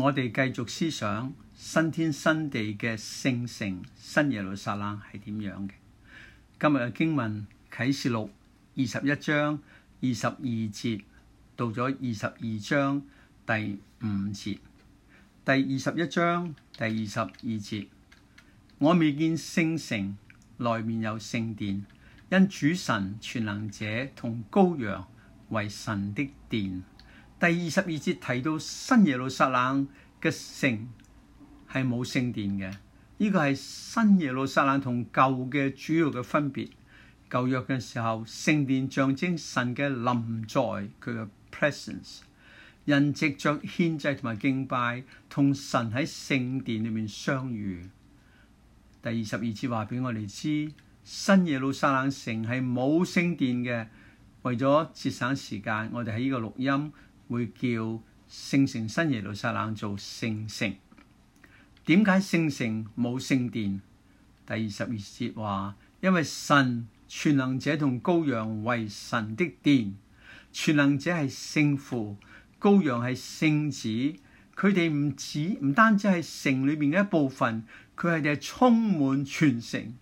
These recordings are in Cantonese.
我哋繼續思想新天新地嘅聖城新耶路撒冷係點樣嘅？今日嘅經文啟示錄二十一章二十二節到咗二十二章第五節，第二十一章第二十二節，我未見聖城內面有聖殿，因主神全能者同羔羊為神的殿。第二十二節提到新耶路撒冷嘅城係冇聖殿嘅。呢個係新耶路撒冷同舊嘅主要嘅分別。舊約嘅時候，聖殿象徵神嘅臨在，佢嘅 presence，人藉着獻祭同埋敬拜同神喺聖殿裏面相遇。第二十二節話俾我哋知，新耶路撒冷城係冇聖殿嘅。為咗節省時間，我哋喺呢個錄音。會叫聖城新耶路撒冷做聖城。點解聖城冇聖殿？第二十二節話，因為神，全能者同羔羊為神的殿。全能者係聖父，羔羊係聖子。佢哋唔止唔單止係城裏面嘅一部分，佢哋係充滿全城。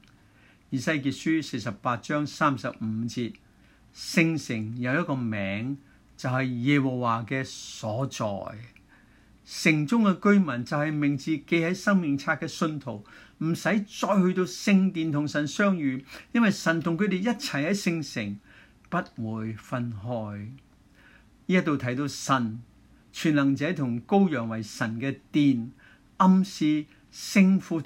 以西結書四十八章三十五節，聖城有一個名。就係耶和華嘅所在，城中嘅居民就係名字記喺生命冊嘅信徒，唔使再去到聖殿同神相遇，因為神同佢哋一齊喺聖城，不會分開。呢一度睇到神全能者同羔羊為神嘅殿，暗示聖父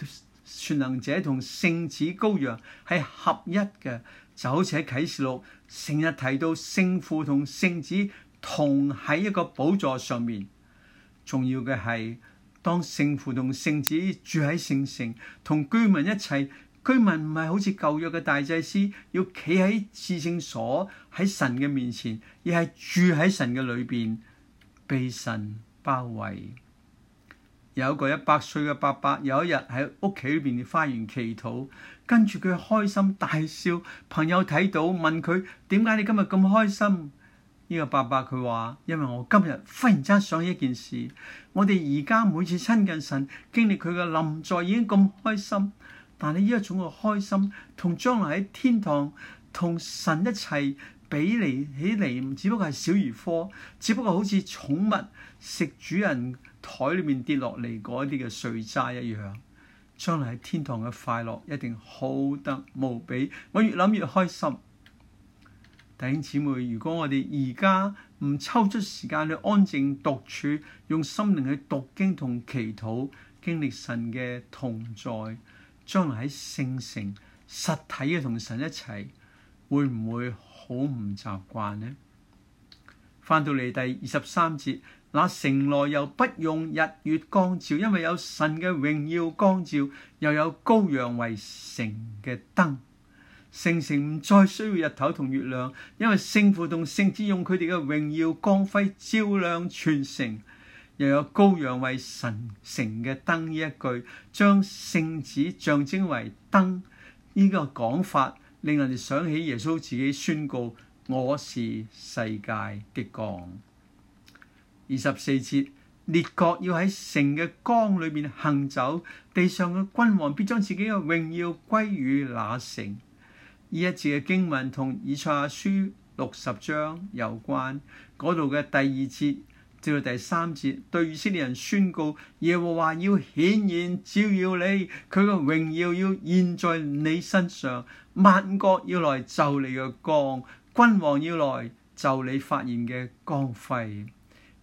全能者同聖子羔羊係合一嘅。就好似喺啟示錄，成日提到聖父同聖子同喺一個寶座上面。重要嘅係，當聖父同聖子住喺聖城，同居民一齊。居民唔係好似舊約嘅大祭司，要企喺至聖所喺神嘅面前，而係住喺神嘅裏邊，被神包圍。有一個一百歲嘅伯伯，有一日喺屋企裏邊花園祈禱，跟住佢開心大笑。朋友睇到問佢點解你今日咁開心？呢個伯伯佢話：因為我今日忽然之間想起一件事，我哋而家每次親近神，經歷佢嘅臨在已經咁開心，但係呢一種嘅開心同將來喺天堂同神一齊。比你起嚟，只不過係小兒科，只不過好似寵物食主人台裏面跌落嚟嗰啲嘅碎渣一樣，將來喺天堂嘅快樂一定好得無比，我越諗越開心。弟兄姊妹，如果我哋而家唔抽出時間去安靜獨處，用心靈去讀經同祈禱，經歷神嘅同在，將來喺聖城實體嘅同神一齊，會唔會。好唔習慣呢，翻到嚟第二十三節，那城內又不用日月光照，因為有神嘅榮耀光照，又有羔羊為城嘅燈。聖城唔再需要日頭同月亮，因為聖父同聖子用佢哋嘅榮耀光輝照亮全城，又有羔羊為神城嘅燈。呢一句將聖子象徵為燈，呢、呢個講法。令人哋想起耶穌自己宣告：我是世界的光。二十四節，列國要喺城嘅光裏面行走，地上嘅君王必將自己嘅榮耀歸於那城。呢一節嘅經文同以賽亞書六十章有關。嗰度嘅第二節至到第三節，對以色列人宣告：耶和華要顯現照耀你，佢嘅榮耀要現在你身上。萬國要來就你嘅光，君王要來就你發言嘅光輝。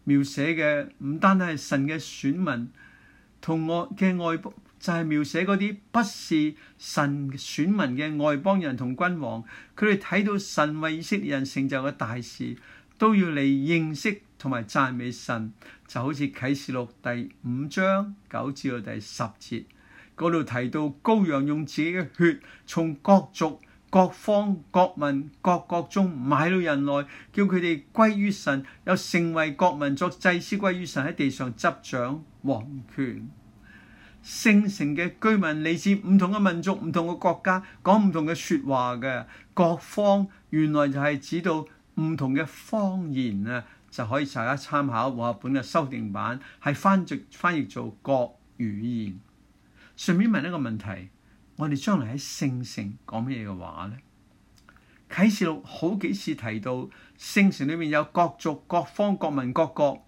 描寫嘅唔單單係神嘅選民，同我嘅外就係描寫嗰啲不是神選民嘅外邦人同君王，佢哋睇到神為以色列人成就嘅大事，都要嚟認識同埋讚美神。就好似啟示錄第五章九至到第十節。嗰度提到羔羊用自己嘅血從各族、各方、各民、各國中買到人來，叫佢哋歸於神，又成為國民族祭司歸於神，喺地上執掌王權。聖城嘅居民嚟自唔同嘅民族、唔同嘅國家，講唔同嘅説話嘅各方，原來就係指到唔同嘅方言啊，就可以大家參考和合本嘅修訂版係翻譯翻譯做各語言。順便問一個問題，我哋將來喺聖城講乜嘢嘅話呢？啟示錄好幾次提到聖城裏面有各族、各方、各民、各國，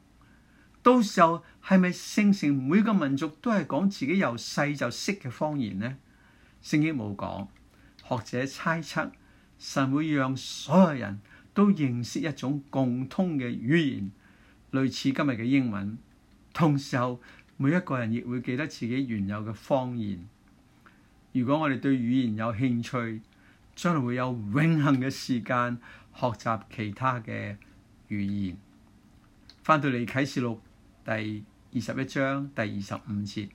到時候係咪聖城每個民族都係講自己由細就識嘅方言呢？聖經冇講，學者猜測神會讓所有人都認識一種共通嘅語言，類似今日嘅英文，同時候。每一個人亦會記得自己原有嘅方言。如果我哋對語言有興趣，將來會有永恆嘅時間學習其他嘅語言。翻到嚟啟示錄第二十一章第二十五節，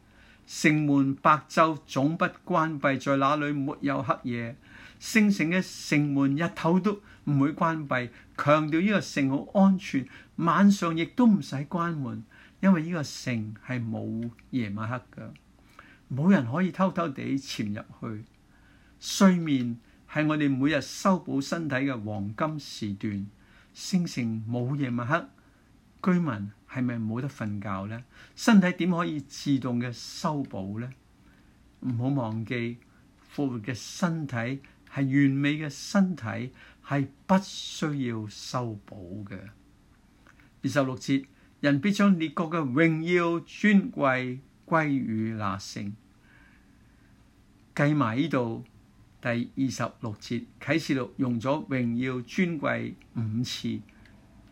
城門白晝總不關閉，在那裏沒有黑夜。聖城嘅城門日頭都唔會關閉，強調呢個城好安全，晚上亦都唔使關門。因為呢個城係冇夜晚黑嘅，冇人可以偷偷地潛入去。睡眠係我哋每日修補身體嘅黃金時段，聖城冇夜晚黑，居民係咪冇得瞓覺呢？身體點可以自動嘅修補呢？唔好忘記，復活嘅身體係完美嘅身體，係不需要修補嘅。二十六節。人必將列國嘅榮耀尊貴歸於那城。計埋呢度第二十六節，啟示錄用咗榮耀尊貴五次，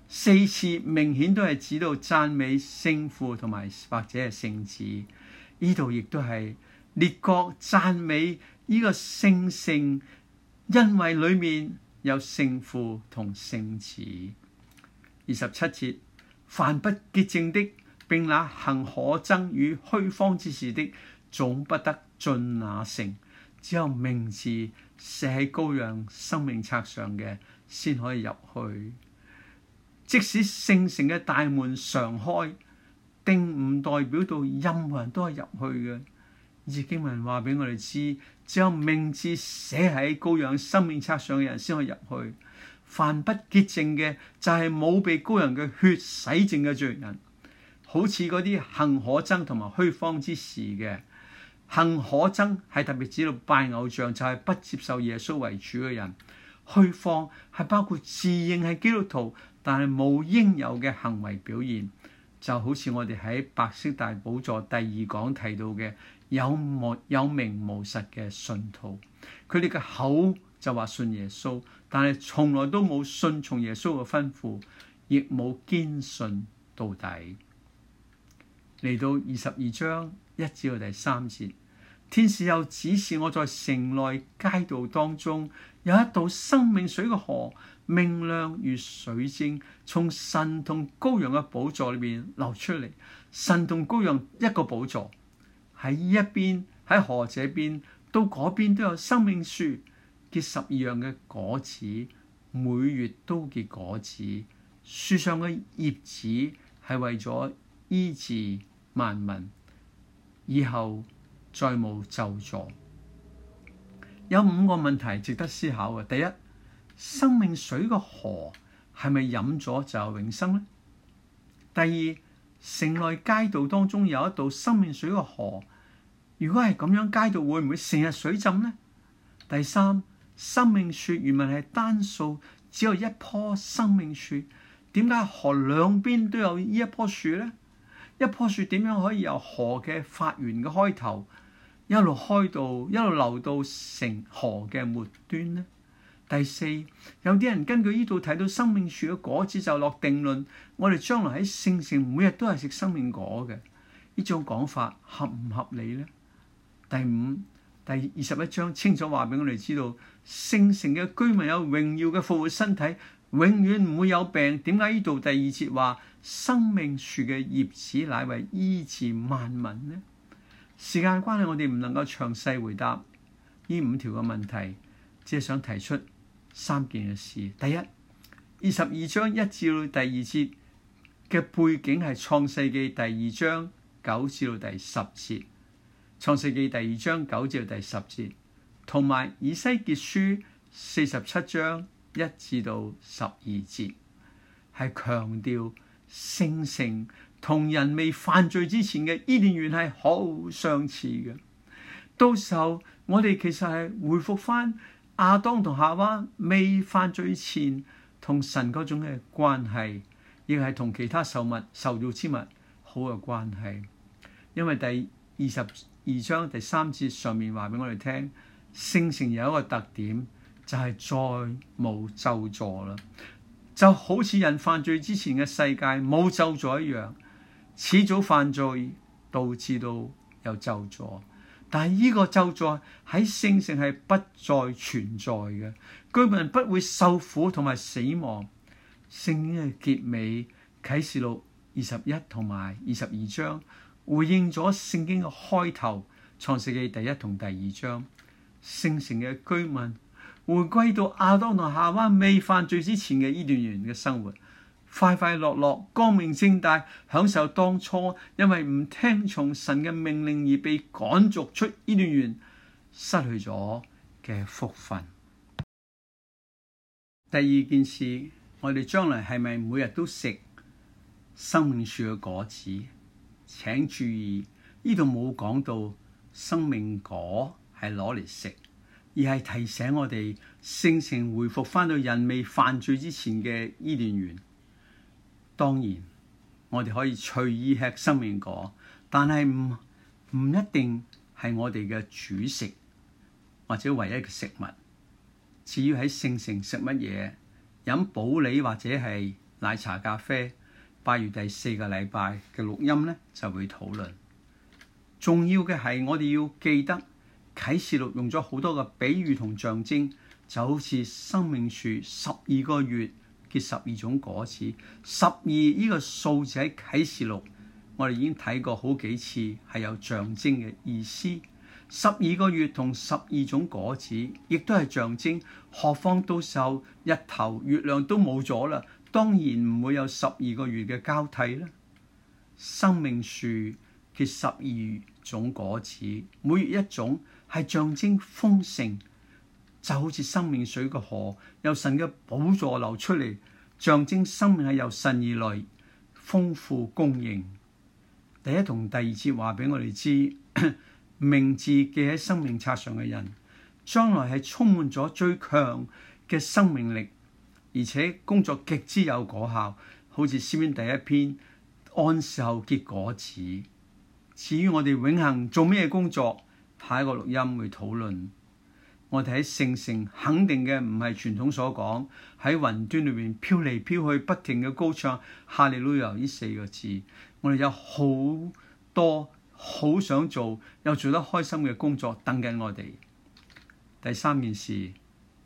四次明顯都係指到讚美聖父同埋或者係聖子。呢度亦都係列國讚美呢個聖聖，因為裏面有聖父同聖子。二十七節。凡不潔淨的，並那行可憎與虛謊之事的，總不得進那城。只有名字寫喺羔羊生命冊上嘅，先可以入去。即使聖城嘅大門常開，定唔代表到任何人都可以入去嘅。聖經文話俾我哋知，只有名字寫喺羔羊生命冊上嘅人先可以入去。凡不潔淨嘅就係、是、冇被高人嘅血洗淨嘅罪人，好似嗰啲行可憎同埋虛謊之事嘅。行可憎係特別指到拜偶像就係、是、不接受耶穌為主嘅人。虛謊係包括自認係基督徒，但係冇應有嘅行為表現，就好似我哋喺白色大寶座第二講提到嘅有冇有名無實嘅信徒。佢哋嘅口就話信耶穌。但係，從來都冇信從耶穌嘅吩咐，亦冇堅信到底。嚟到二十二章一至到第三節，天使又指示我在城內街道當中有一道生命水嘅河，明亮如水晶，從神同羔羊嘅寶座裏面流出嚟。神同羔羊一個寶座喺一邊，喺河這邊到嗰邊都有生命樹。結十二樣嘅果子，每月都結果子。樹上嘅葉子係為咗醫治萬民，以後再冇咒詛。有五個問題值得思考嘅：第一，生命水嘅河係咪飲咗就有永生呢？第二，城內街道當中有一道生命水嘅河，如果係咁樣，街道會唔會成日水浸呢？第三，生命樹原文係單數，只有一棵生命樹。點解河兩邊都有呢一棵樹呢？一棵樹點樣可以由河嘅發源嘅開頭一路開到一路流到成河嘅末端呢？第四，有啲人根據呢度睇到生命樹嘅果子就落定論，我哋將來喺聖城每日都係食生命果嘅，呢種講法合唔合理呢？第五，第二十一章清楚話俾我哋知道。聖城嘅居民有榮耀嘅復活身體，永遠唔會有病。點解呢度第二節話生命樹嘅葉子乃為醫治萬民呢？時間關係，我哋唔能夠詳細回答呢五條嘅問題，只係想提出三件嘅事。第一，二十二章一至到第二節嘅背景係創世記第二章九至到第十節。創世記第二章九至到第十節。同埋以西結書四十七章一至到十二節，係強調聖城同人未犯罪之前嘅伊甸園係好相似嘅。到時候我哋其實係回覆返亞當同夏娃未犯罪前同神嗰種嘅關係，亦係同其他受物受造之物好嘅關係，因為第二十二章第三節上面話俾我哋聽。聖城有一個特點，就係、是、再冇咒詛啦，就好似人犯罪之前嘅世界冇咒詛一樣。始祖犯罪導致到有咒詛。但係呢個咒詛喺聖城係不再存在嘅。居民不會受苦同埋死亡。聖經嘅結尾啟示錄二十一同埋二十二章，回應咗聖經嘅開頭創世記第一同第二章。聖城嘅居民回歸到亞當同夏娃未犯罪之前嘅伊甸園嘅生活，快快樂樂、光明正大，享受當初因為唔聽從神嘅命令而被趕逐出伊甸園失去咗嘅福分。第二件事，我哋將來係咪每日都食生命樹嘅果子？請注意，呢度冇講到生命果。係攞嚟食，而係提醒我哋聖城回復返到人未犯罪之前嘅伊甸園。當然，我哋可以隨意吃生命果，但係唔唔一定係我哋嘅主食或者唯一嘅食物。至於喺聖城食乜嘢、飲保裏或者係奶茶、咖啡，八月第四個禮拜嘅錄音呢就會討論。重要嘅係，我哋要記得。啟示錄用咗好多個比喻同象徵，就好似生命樹十二個月結十二種果子，十二呢個數字喺啟示錄，我哋已經睇過好幾次係有象徵嘅意思。十二個月同十二種果子，亦都係象徵。何況到時候日頭月亮都冇咗啦，當然唔會有十二個月嘅交替啦。生命樹結十二種果子，每月一種。係象徵豐盛，就好似生命水嘅河，有神嘅寶座流出嚟，象徵生命係由神而來，豐富供應。第一同第二節話俾我哋知，名字記喺生命冊上嘅人，將來係充滿咗最強嘅生命力，而且工作極之有果效，好似詩篇第一篇，按時候結果子，至於我哋永恒做咩工作。下一個錄音會討論，我哋喺聖城肯定嘅，唔係傳統所講喺雲端裏面飄嚟飄去不停嘅高唱哈利路亞呢四個字，我哋有好多好想做又做得開心嘅工作等緊我哋。第三件事，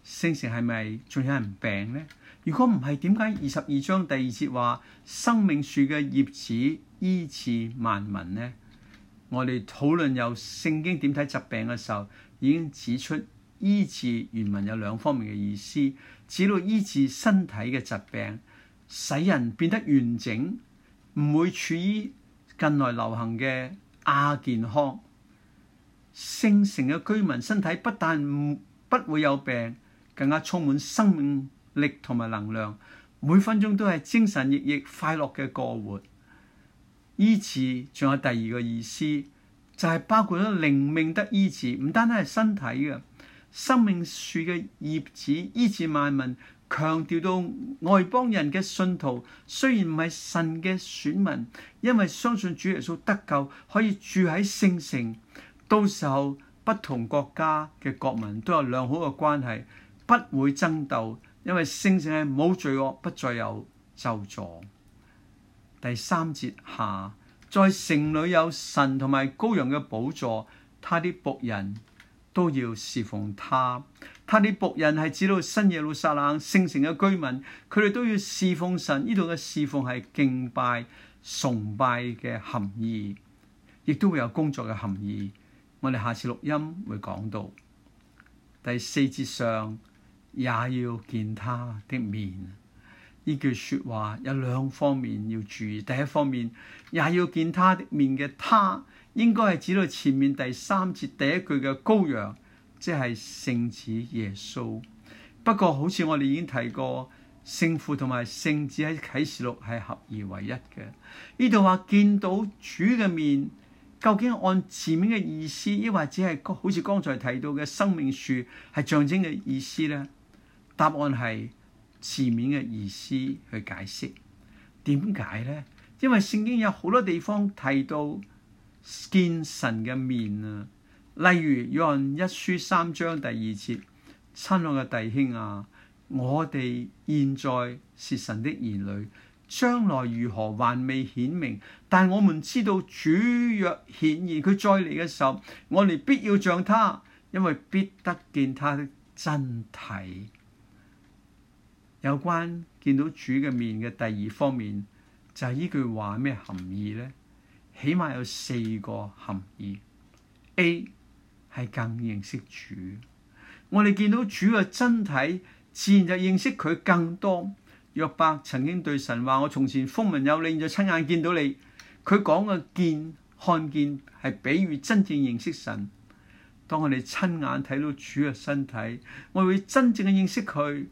聖城係咪仲有人病呢？如果唔係，點解二十二章第二節話生命樹嘅葉子醫治萬民呢？我哋討論有聖經點睇疾病嘅時候，已經指出醫治原文有兩方面嘅意思，指到醫治身體嘅疾病，使人變得完整，唔會處於近來流行嘅亞健康。聖城嘅居民身體不但唔不，不會有病，更加充滿生命力同埋能量，每分鐘都係精神奕奕、快樂嘅過活。醫治仲有第二個意思，就係、是、包括咗靈命得醫治，唔單單係身體嘅。生命樹嘅葉子醫治萬民，強調到外邦人嘅信徒雖然唔係神嘅選民，因為相信主耶穌得救，可以住喺聖城，到時候不同國家嘅國民都有良好嘅關係，不會爭鬥，因為聖城係冇罪惡，不再有咒詛。第三節下，在城裏有神同埋羔羊嘅寶座，他啲僕人都要侍奉他。他啲僕人係指到新耶路撒冷聖城嘅居民，佢哋都要侍奉神。呢度嘅侍奉係敬拜、崇拜嘅含義，亦都會有工作嘅含義。我哋下次錄音會講到。第四節上，也要見他的面。呢句説話有兩方面要注意。第一方面，也要見他面嘅他，應該係指到前面第三節第一句嘅羔羊，即係聖子耶穌。不過，好似我哋已經提過，聖父同埋聖子喺啟示錄係合二為一嘅。呢度話見到主嘅面，究竟按字面嘅意思，抑或者係好似剛才提到嘅生命樹係象徵嘅意思呢？答案係。字面嘅意思去解釋點解呢？因為聖經有好多地方提到見神嘅面啊，例如《約翰一書》三章第二節：親愛嘅弟兄啊，我哋現在是神的兒女，將來如何還未顯明，但我們知道主若顯現，佢再嚟嘅時候，我哋必要像他，因為必得見他的真體。有關見到主嘅面嘅第二方面，就係、是、呢句話咩含義呢？起碼有四個含義。A 係更認識主，我哋見到主嘅真體，自然就認識佢更多。約伯曾經對神話：我從前風聞有你，就在親眼見到你。佢講嘅見看見係比喻真正認識神。當我哋親眼睇到主嘅身體，我會真正嘅認識佢。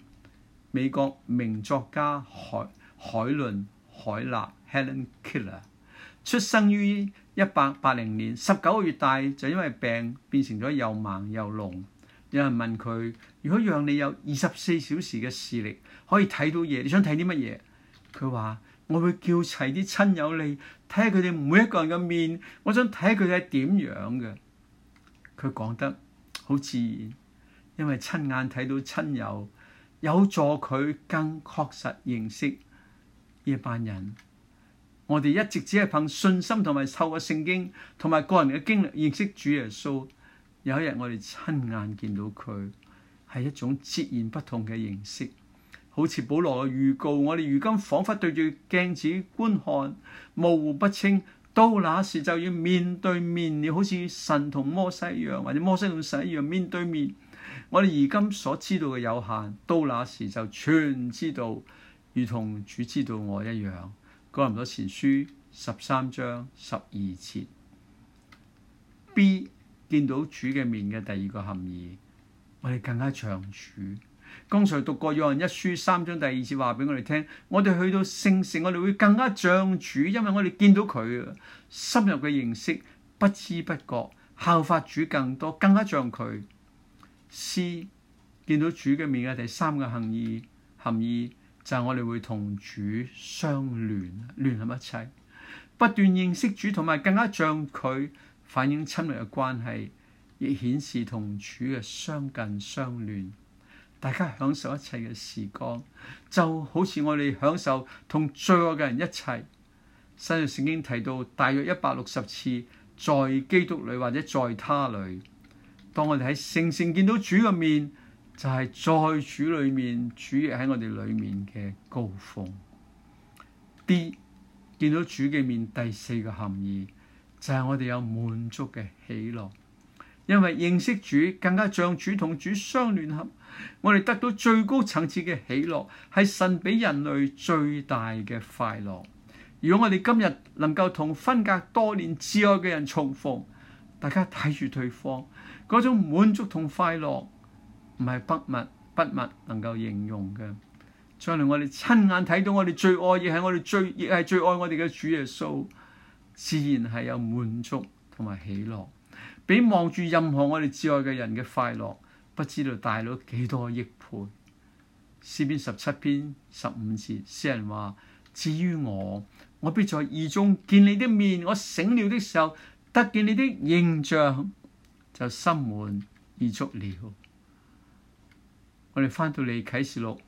美國名作家海海倫海勒 （Helen Keller） 出生於一八八零年，十九個月大就因為病變成咗又盲又聾。有人問佢：如果讓你有二十四小時嘅視力，可以睇到嘢，你想睇啲乜嘢？佢話：我會叫齊啲親友嚟，睇下佢哋每一個人嘅面，我想睇下佢哋係點樣嘅。佢講得好自然，因為親眼睇到親友。有助佢更確實認識呢班人。我哋一直只係憑信心同埋透過聖經同埋個人嘅經歷認識主耶穌。有一日我哋親眼見到佢，係一種截然不同嘅認識。好似保羅嘅預告，我哋如今彷彿對住鏡子觀看，模糊不清。到那時就要面對面了，好似神同摩西一樣，或者摩西同神一樣面對面。我哋而今所知道嘅有限，到那時就全知道，如同主知道我一樣。哥林多前書十三章十二節。B 見到主嘅面嘅第二個含義，我哋更加像主。剛才讀過約翰一書三章第二節，話俾我哋聽，我哋去到聖城，我哋會更加像主，因為我哋見到佢深入嘅認識，不知不覺效法主更多，更加像佢。思見到主嘅面嘅第三個含義，含義就係我哋會同主相聯，聯合一齊，不斷認識主，同埋更加像佢反映親密嘅關係，亦顯示同主嘅相近相聯。大家享受一切嘅時光，就好似我哋享受同最愛嘅人一齊。新約聖經提到大約一百六十次，在基督裏或者在他裏。當我哋喺聖城見到主嘅面，就係、是、在主裏面，主喺我哋裏面嘅高峰。D 見到主嘅面，第四個含義就係、是、我哋有滿足嘅喜樂，因為認識主更加像主同主相聯合，我哋得到最高層次嘅喜樂，係神俾人類最大嘅快樂。如果我哋今日能夠同分隔多年至愛嘅人重逢，大家睇住對方。嗰種滿足同快樂唔係筆墨筆墨能夠形容嘅。將來，我哋親眼睇到我哋最愛，亦係我哋最亦係最愛我哋嘅主耶穌，自然係有滿足同埋喜樂。比望住任何我哋至愛嘅人嘅快樂，不知道大咗幾多億倍。詩篇十七篇十五節：「詩人話：至於我，我必在義中見你的面；我醒了的時候，得見你的形象。就心滿意足了。我哋翻到嚟啟示錄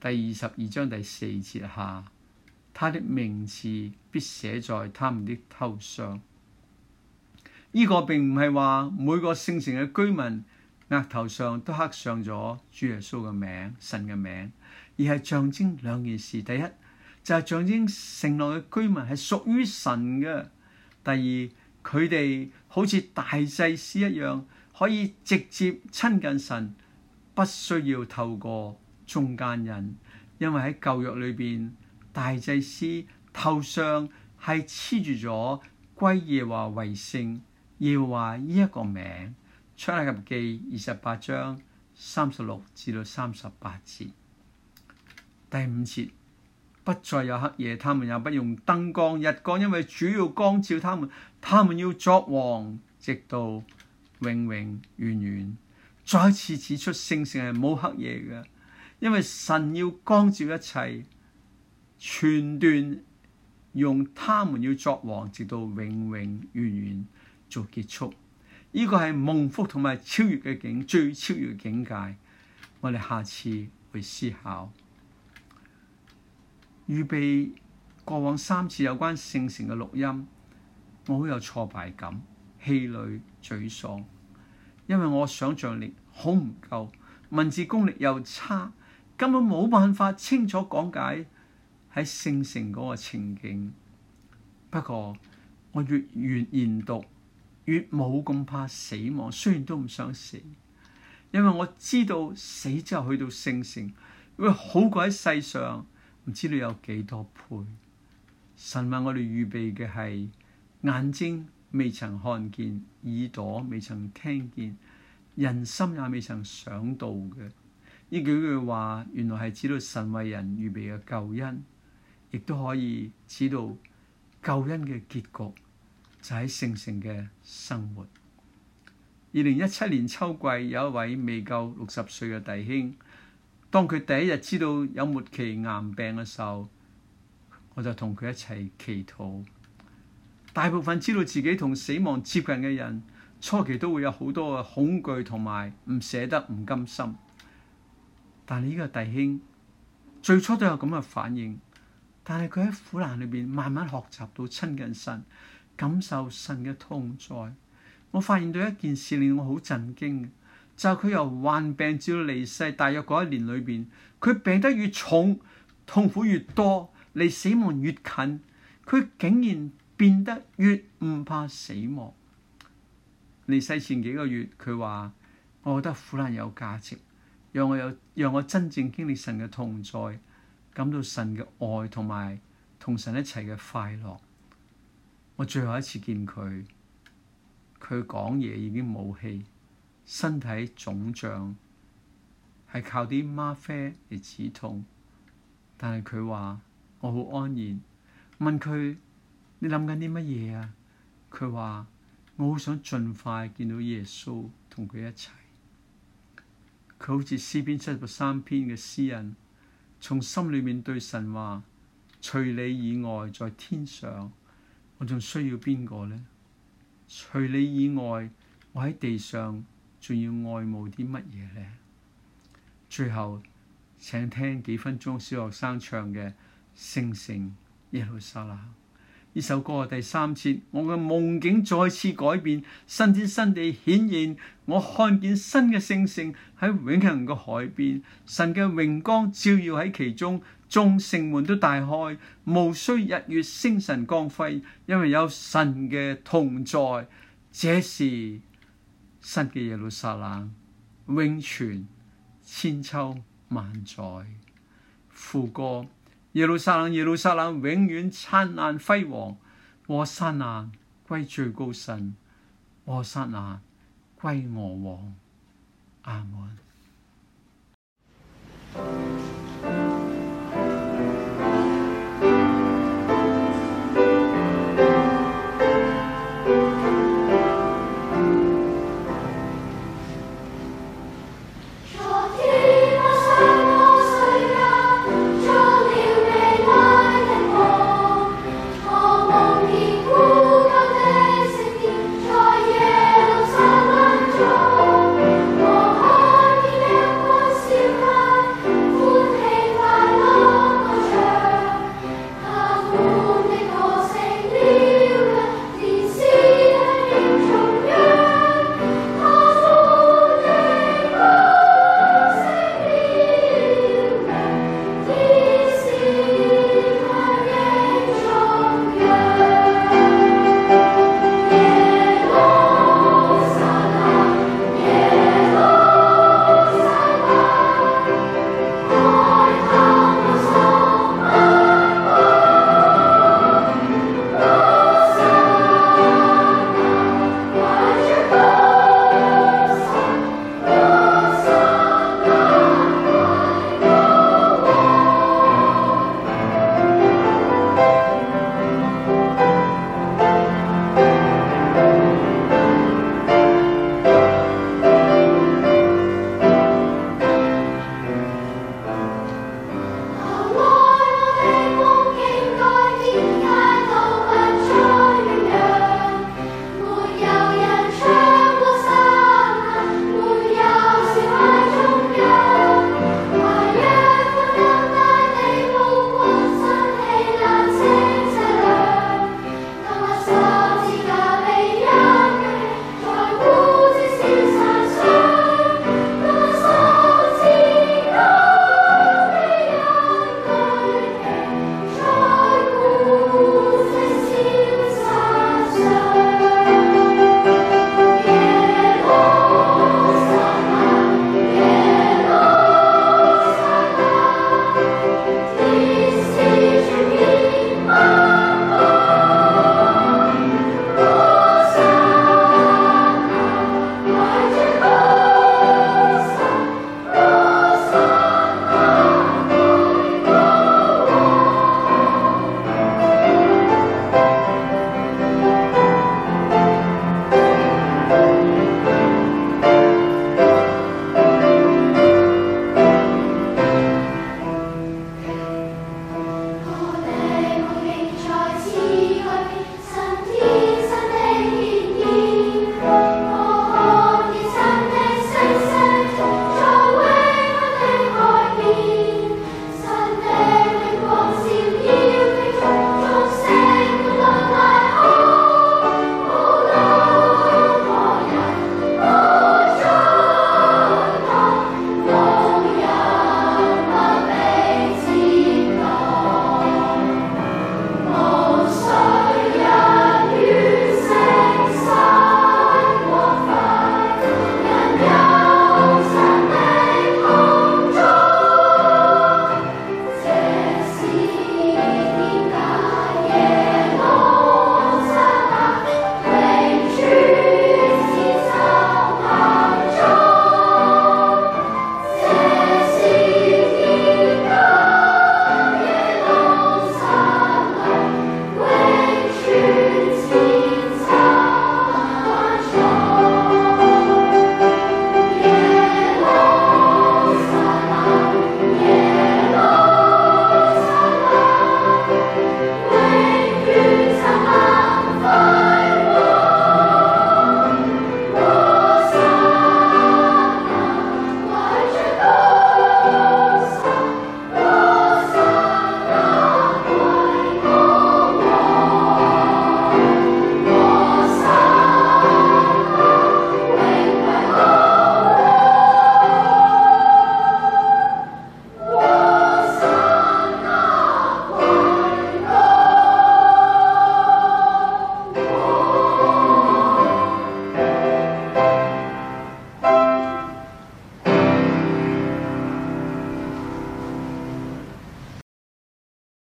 第二十二章第四節下，他的名字必寫在他們的頭上。呢、這個並唔係話每個聖城嘅居民額頭上都刻上咗主耶穌嘅名、神嘅名，而係象徵兩件事。第一就係、是、象徵城內嘅居民係屬於神嘅。第二佢哋好似大祭司一樣，可以直接親近神，不需要透過中間人。因為喺舊約裏邊，大祭司頭上係黐住咗歸耶和華為聖，要話呢一個名。出埃及記二十八章三十六至到三十八節，第五節。不再有黑夜，他們也不用燈光、日光，因為主要光照他們。他們要作王，直到永永遠遠。再次指出聖城係冇黑夜嘅，因為神要光照一切，全段用他們要作王，直到永永遠遠，遠做結束。呢、這個係蒙福同埋超越嘅境，最超越境界。我哋下次會思考。預備過往三次有關聖城嘅錄音，我好有挫敗感、氣餒、沮喪，因為我想像力好唔夠，文字功力又差，根本冇辦法清楚講解喺聖城嗰個情景。不過我越越研讀，越冇咁怕死亡。雖然都唔想死，因為我知道死之後去到聖城會好過喺世上。唔知道有幾多倍，神為我哋預備嘅係眼睛未曾看見，耳朵未曾聽見，人心也未曾想到嘅。呢幾句話原來係指到神為人預備嘅救恩，亦都可以指到救恩嘅結局，就喺聖城嘅生活。二零一七年秋季，有一位未夠六十歲嘅弟兄。當佢第一日知道有末期癌病嘅時候，我就同佢一齊祈禱。大部分知道自己同死亡接近嘅人，初期都會有好多嘅恐懼同埋唔捨得、唔甘心。但呢個弟兄，最初都有咁嘅反應，但係佢喺苦難裏邊慢慢學習到親近神，感受神嘅痛哉。我發現到一件事令我好震驚。就佢由患病至到離世，大約嗰一年裏邊，佢病得越重，痛苦越多，離死亡越近，佢竟然變得越唔怕死亡。離世前幾個月，佢話：我覺得苦難有價值，讓我有讓我真正經歷神嘅同在，感到神嘅愛同埋同神一齊嘅快樂。我最後一次見佢，佢講嘢已經冇氣。身體腫脹係靠啲嗎啡嚟止痛，但係佢話我好安然。問佢你諗緊啲乜嘢啊？佢話我好想盡快見到耶穌同佢一齊。佢好似詩篇七十三篇嘅詩人，從心裏面對神話除你以外在天上，我仲需要邊個呢？除你以外，我喺地上。仲要愛慕啲乜嘢呢？最後請聽幾分鐘小學生唱嘅《聖城耶路撒冷》呢首歌係第三節，我嘅夢境再次改變，新天新地顯現。我看見新嘅聖城喺永恆嘅海邊，神嘅榮光照耀喺其中，眾聖門都大開，無需日月星辰光輝，因為有神嘅同在。這時，新嘅耶路撒冷永存千秋萬載，副歌：耶路撒冷耶路撒冷永遠燦爛輝煌，煌，和散那、啊、歸最高神，和散那、啊、歸我王，阿門。